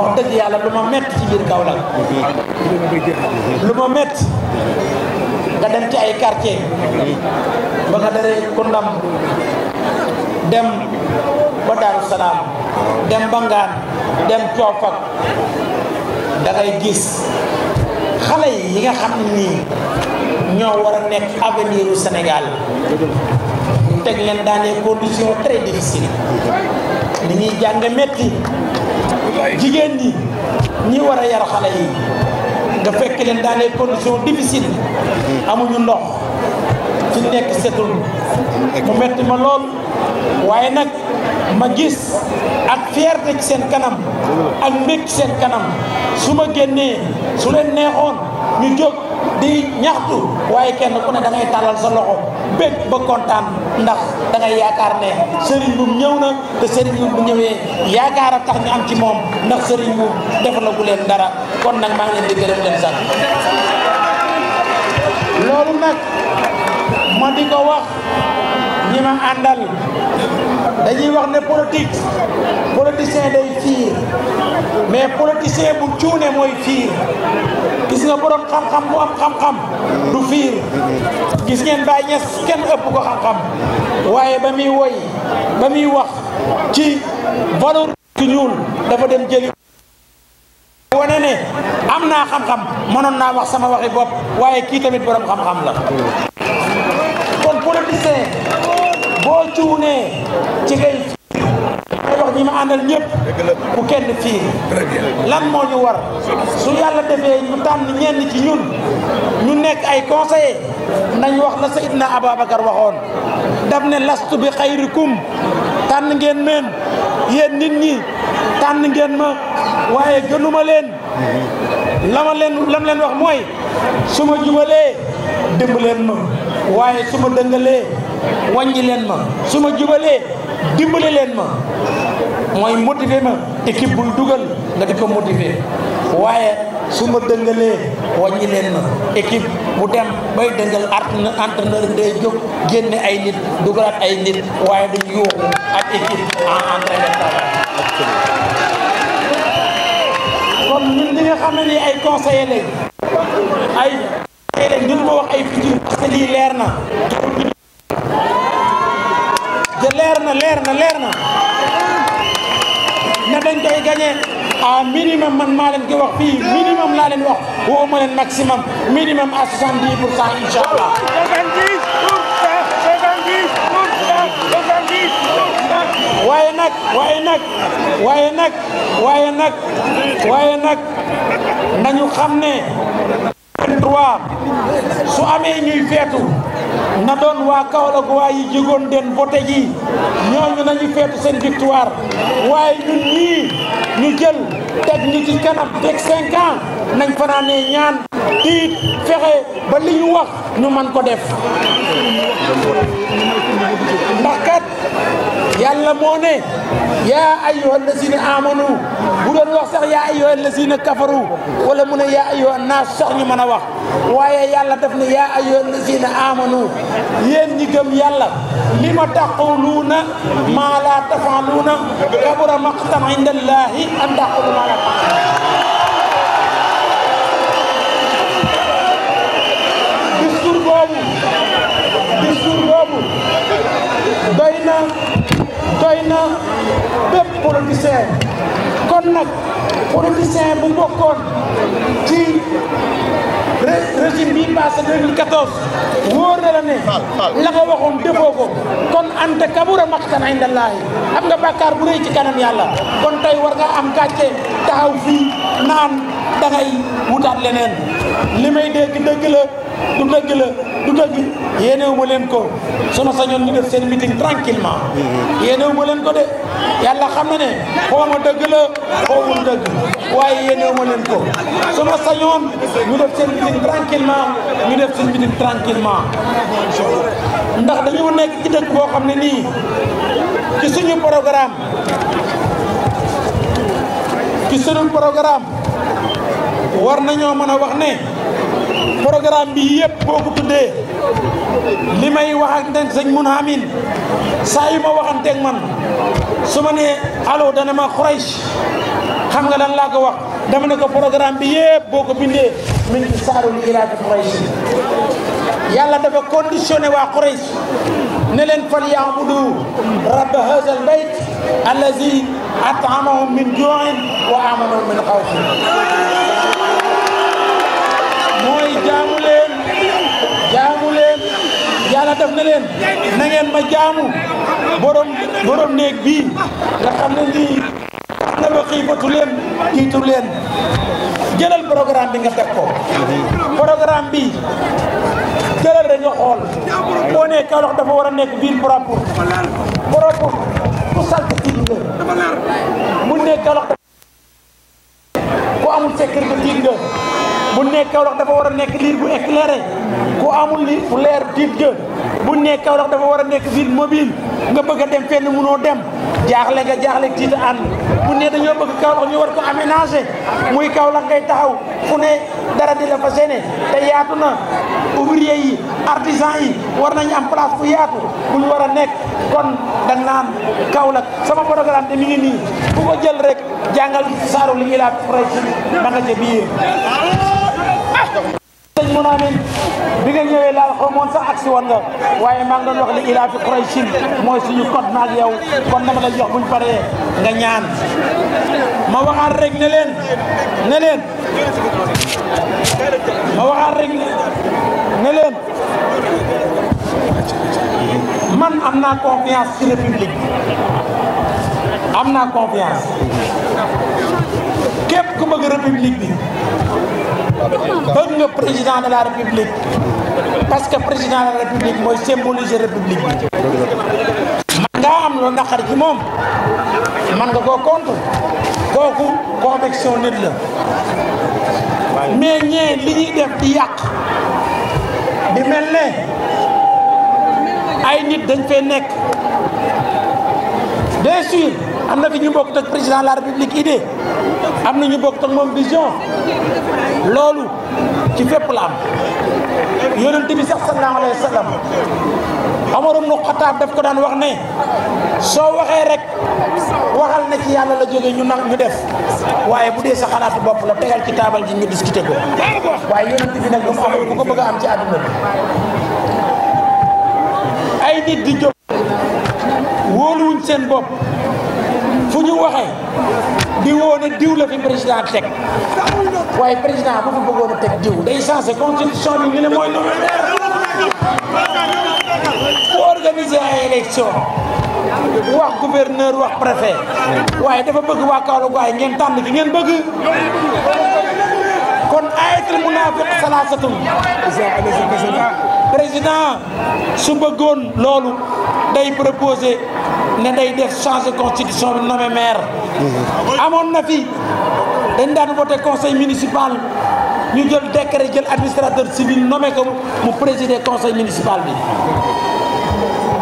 wax dëgg yàlla lu ma métti ci biir Kaolack lu ma nga dem ci ay quartier ba nga daree Koundam dem ba Daaru dem ba Ngaan dem Coofak da gis xale yi nga xam ni ñoo war a nekk avenir u Sénégal teg leen dans des conditions très difficiles ni ñuy jàng jigéen ñi ñi war a yar xale yi nga fekk leen dans les conditions difficiles mm-hmm. amuñu ndox ci nekk setul mu metti ma lool waaye nag ma gis ak fierté ci seen kanam ak mbég seen kanam su ma génnee su leen neexoon ñu jóg di ñaxtu waaye kenn ku ne da tàllal sa loxo bég ba kontaan ndax da ngay yaakaar ne sëriñ bu ñëw na te sëriñ bu bu ñëwee yaakaar a tax ñu am ci moom ndax sëriñ bu defalagu leen dara kon nag maa ngi leen di gërëm leen sax loolu nag ma di ko wax ñi ma àndal dañuy wax ne politique politicien day fiir mais politicien bu cuune mooy fiir gis nga borom xam-xam bu am xam-xam lu fiir gis ngeen Baye Niass kenn ëpp ko xam-xam waaye ba muy woy ba muy wax ci valeur ki ñuul dafa dem jëli wane ne am naa xam-xam mënoon naa wax sama waxi bopp waaye kii tamit borom xam-xam la kon politicien boo cuunee ci ngay may wax ñi ma àndal ñëpp bu kenn fii lan moo ñu war su yàlla demee ñu tànn ñenn ci ñun ñu nekk ay conseiller nañ wax la Seydina Ababacar waxoon daf ne lastu bi xayrikum tànn ngeen meen yéen nit ñi tànn ngeen ma waaye gënuma leen lama leen lam leen wax mooy su ma jubalee dimb leen ma waaye su ma dëngalee wàññi leen ma su ma jubalee dimbali leen ma mooy motiver ma équipe buy dugal nga di ko motiver waaye su ma dëngalee wàññi leen ma équipe bu dem bay dëngal entraîneur day jóg génne ay nit dugalaat ay nit waaye duñ yuuxu ak équipe en entraînement kon ñun li nga xam ne nii ay conseillers lañ ay conseillers lañ ñu ma wax ay futur parce que lii leer na leer na leer na leer na ne dañ minimum man maa leen koy wax fii minimum laa leen wax woo maximum minimum à 70 pour cent incha allah. 70 pour cent 70 pour cent 70 pour cent. waaye nag waaye 2023 su amee ñuy feetu na doon waa Kaolack waa yi jógoon den voté ji ñooñu nañu feetu seen victoire waaye ñun ñii ñu jël teg ñu ci kanam teg 5 ans nañ fanaanee ñaan tiit fexe ñu wax ñu man ko def ndax kat yàlla moo ne yaa ayyuha allazina amanu bu doon wax sax yaa ayyuha allazina kafaru wala mu ne yaa ayyuha naas sax ñu mën a wax waaye yàlla daf ne yaa ayyuha allazina amanu yéen ñi gëm yàlla li ma taquluuna maa laa tafaluuna kabura maqtan inda allahi an taqulu maa laa boobu discours boobu doy na bépp politicien kon nag politicien bu bokkoon ci régime bi passé 2014 wóor na la ne la nga defoo ko kon anta kabura maqtan indallaahi am nga bàkkaar bu rëy ci kanam yàlla kon tey war nga am gàcce taxaw fii naan dangay wutaat leneen li may dégg dëgg la du dëgg la du dëgg yéenewu ma leen ko su ma sañoon ñu def seen meeting tranquillement yéenewu ma leen ko de yàlla xam na ne xoo ma dëgg la xoowul dëgg waaye yéenewu ma leen ko su ma sañoon ñu def seen meeting tranquillement ñu def seen meeting tranquillement ndax dañu nekk ci dëkk boo xam ne nii ci suñu programme ci suñu programme war nañoo mën a wax ne programme bi yëpp boo ko tuddee li may waxanteeg sëñ mun amin saa yu ma waxanteeg man su ma nee allo dana ma Quraysh xam nga lan laa ko wax dama ne ko programme bi yëpp boo ko bindee min ci saaru li ilaafi Quraysh yàlla dafa conditionné waa Quraysh ne leen fal ya'budu rabb haza al bayt allazi at'amahum min ju'in wa amanahum min xawf yàlla def na leen na ngeen ma jaamu borom borom néeg bii nga xam ne nii na ba xiifatu jëlal programme bi nga teg ko programme bi jëlal rek nga xool boo nee dafa war a nekk ville propre propre ku salt ci mu ne Kaolack ne Kaolack dafa war a nekk liir bu éclairé ku amul li leer tiit ga bu ne Kaolack dafa war a nekk ville mobile nga bëgg dem fenn munoo dem jaaxle nga jaaxle tiit a ànd bu ne dañoo bëgg ñu war ko aménager muy Kaolack ngay taxaw fu ne dara di la fa sene te yaatu na ouvrier yi artisan yi war nañ am place bu yaatu bu ñu war a nekk kon da naan Kaolack sama programme de mi ngi nii bu ko jël rek jàngal saaru li ilaa fray si ba nga ca biir sëñ Mounamine bi nga ñëwee laal xaw moon sax agsi woon nga waaye maa ngi doon li ilaa fi Qurayshin mooy suñu code maag yow kon dama lay jox buñ paree nga ñaan ma waxaat rek ne leen ma waxaat rek ne man am naa confiance ci république am naa confiance képp ku bëgg république bi bëgg nga président de la république parce que président de la république mooy symboliser république bi man ngaa am loo naqar ci moom man nga koo contre kooku conviction la mais ñee li def di yàq di mel ne ay nit dañ fee nekk bien am na fi ñu bokk ak président de la république idée na ñu bokk ak moom vision loolu ci fépp la am yonent bi sax sallallahu alayhi wa sallam Omar ibn Khattab ko daan wax ne soo waxee rek waxal na ci yàlla la jóge ñu nag ñu def waaye bu dee sa xalaatu bopp la tegal ci taabal ji ñu discuter ko waaye yonent bi nag ba mu amul ko bëgg am ci àdduna bi ay nit di jóg wóoluwuñ seen bopp fu ñu waxe di woon diw la fi président teg waaye président bu fi bëggoon a teg diw day changé constitution bi ñu ne mooy nominaire bu organiser ay élection wax gouverneur wax préfet waaye dafa bëgg waa Kaolack waaye ngeen tànn ki ngeen bëgg kon aytul munaafiq salaasatun président su bëggoon loolu day proposé ne day def changer constitution bi nommé maire mm-hmm. amoon na fi dañ daan voté conseil municipal ñu jël décret jël administrateur civil nommé ko mu présider conseil municipal bi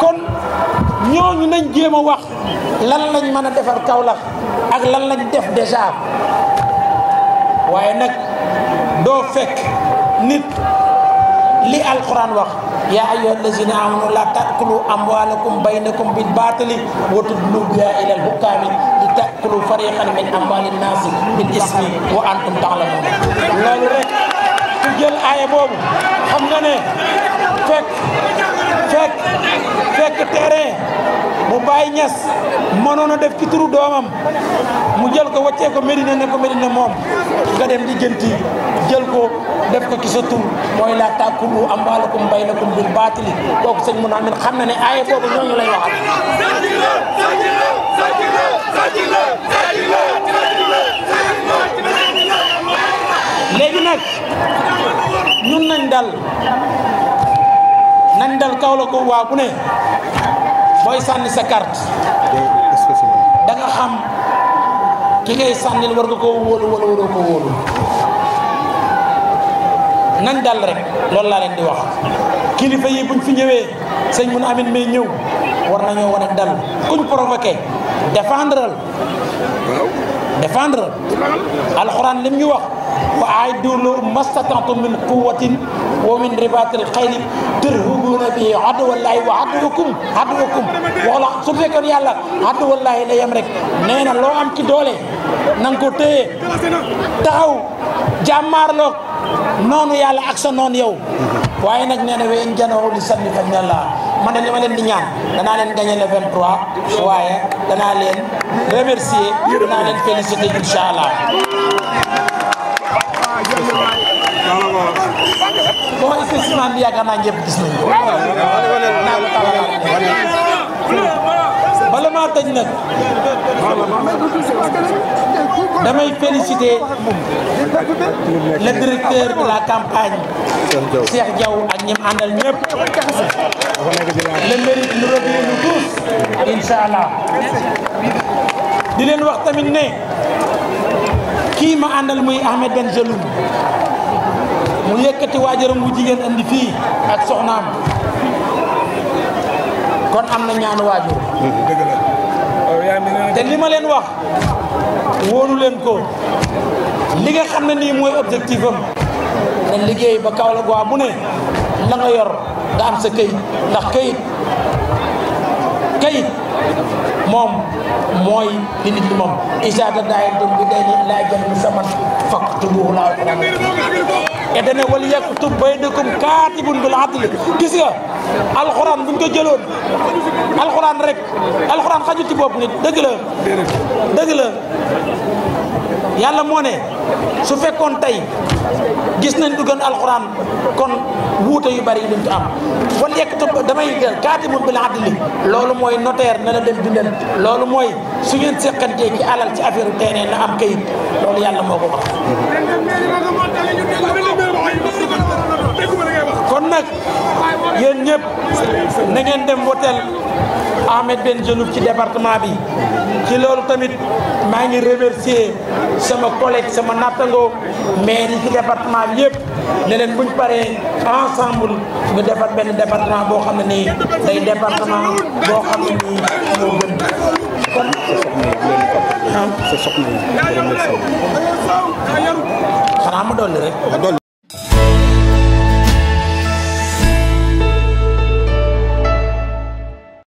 kon ñooñu nañ jéem a wax lan lañ mën a defar Kaolack ak lan lañ def déjà waaye nag doo fekk nit li alquran wax yaa ayyuha allazina amanu la taakulu amwalakum baynakum bil baatili wa tudlu biha ila al hukami li taakulu fariqan min amwali nnaasi bil ismi wa antum taalamun loolu rek ku jël aaya boobu xam nga ne Baye Niass mënoon a def ci turu doomam mu jël ko wàccee ko Medina ne ko Medina moom nga dem di jënti jël ko def ko ci sa tur mooy laa tàkkulu am baalakum bay lakum bil baatili kooku sëñ mun amin xam na ne aaye boobu ñooñu lay waxal léegi nag ñun nañ dal nañ dal kaw la ko waa bu ne booy sànni sa carte danga xam ki ngay sànnil war nga ko wóolu wala waroo ko wóolu nañ dal rek loolu laa leen di wax kilifa yi buñ fi ñëwee sëñ mun amin may ñëw war nañoo wane dal kuñ provoqué défendral défendral alxuraan lim ñu wax wa a'iddu mastata'tum min quwwatin wa min ribaatil xayli turhibuuna bihi aduwwallaahi wa aduwwakum aduwwakum wala su fekkoon yàlla aduwwallaahi la yem rek nee na loo am ci doole na nga ko téye taxaw jàmmaarloo noonu yàlla ak sa noonu yow waaye nag nee na wa in janahuu lis-salmi fajnah lahaa man de li ma leen di ñaan danaa leen gagné le 23 waaye danaa leen remercier danaa leen féliciter incha allah. boo xoolee si maanaam yaakaar naa ñëpp gis nañu ko. bala maa tëj nag damay féliciter le directeur de la campagne Cheikh Diaw ak ñim àndal ñëpp le mérite nous revient nous tous incha allah di leen wax tamit ne. kii ma àndal muy Ahmed benn Jelloun mu yëkkati waajaram wu jigéen andi fii ak soxnaam kon am na ñaanu waajur te li ma leen wax wóolu leen ko li nga xam ne nii mooy objectif am liggéey ba Kaolack waa bu ne la nga yor nga am sa këyit ndax këyit këyit moom mooy di nit ñi moom isa da daay dum bi day laa jël mi saman fakk tubuhu laa ko daan et dana wal yaktub baynakum kaatibun bil adli gis nga alxuraan buñ ko jëloon alxuraan rek alxuraan xaju ci bopp nit dëgg la dëgg la yàlla moo ne su fekkoon tey gis nañ du gën alxuraan kon wuute yu bari duñ ci am wala yekk damay kaatimun bil adli loolu mooy notaire na la dem bindal loolu mooy su ngeen seqantee ci alal ci affaire terrain na am kayit loolu yàlla moo ko wax kon nag yéen ñëpp na dem wotel Ahmed Ben Janoub ci département bi ci loolu tamit maa ngi remercier sama collègue sama nattango maire yi ci département bi yëpp ne leen buñ paree ensemble ñu defar benn département boo xam ne nii day département boo xam ne nii moo gën kon sa soxna xanaa ma dolli rek